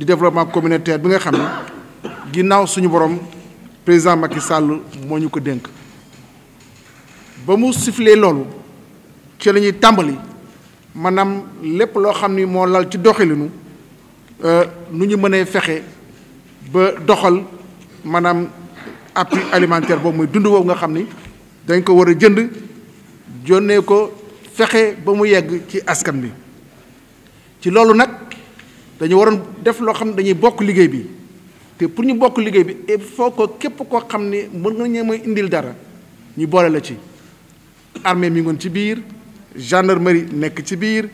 di développement communautaire bi nga xam ne ginnaaw suñu borom président Macky Sall moo ñu ko dénk ba mu siflee loolu ci la ñuy tàmbali maanaam lépp loo xam ni moo lal ci doxalinu euh, nu ñu mënee fexe ba doxal maanaam appui alimentaire boobu mooy dund boobu nga xam ni dañ ko war a jënd jonnee ko fexe ba mu yegg ci askan bi ci loolu nag dañu waroon def loo xam dañuy bokk liggéey bi te pour ñu bokk bi il faut que képp koo xam ne mën nga ñëw indil dara ñu boole la ci armée mi ngoon ci biir gendarmerie nekk ci biir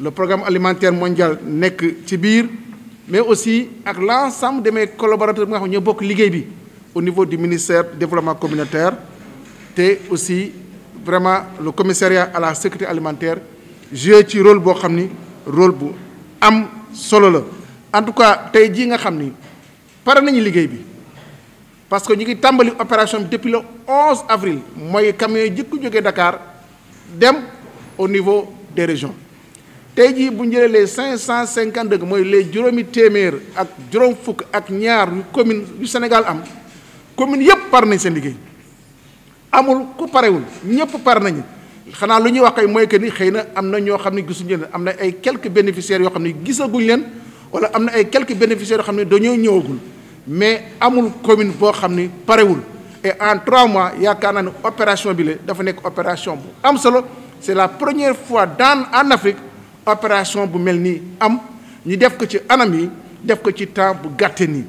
le programme alimentaire mondial nekk ci biir mais aussi ak l'ensemble de mes collaborateurs nous nga xam ñoo bokk liggéey bi au niveau du ministère développement communautaire te aussi vraiment le commissariat à la sécurité alimentaire joué ci rôle boo xam rôle bu am solo la en tout cas tey jii nga xam ni pare nañu liggéey bi parce que ñu ngi tàmbali opération bi depuis le 11 avril mooy camion yi jëkku jógee dem au niveau des régions tey jii bu cinq cent cinquante 552 mooy les juróomi téeméer ak juróom fukk ak ñaar yu commune yu Sénégal am commune yëpp pare nañ seen liggéey amul ku parewul ñëpp pare nañu. lu que ni quelques bénéficiaires yo xamni gisaguñ wala quelques bénéficiaires mais amul commune bo xamni et en trois mois il y a opération opération c'est la première fois dans en Afrique opération bu melni am ñu def ko ci anam yi def ko ci temps bu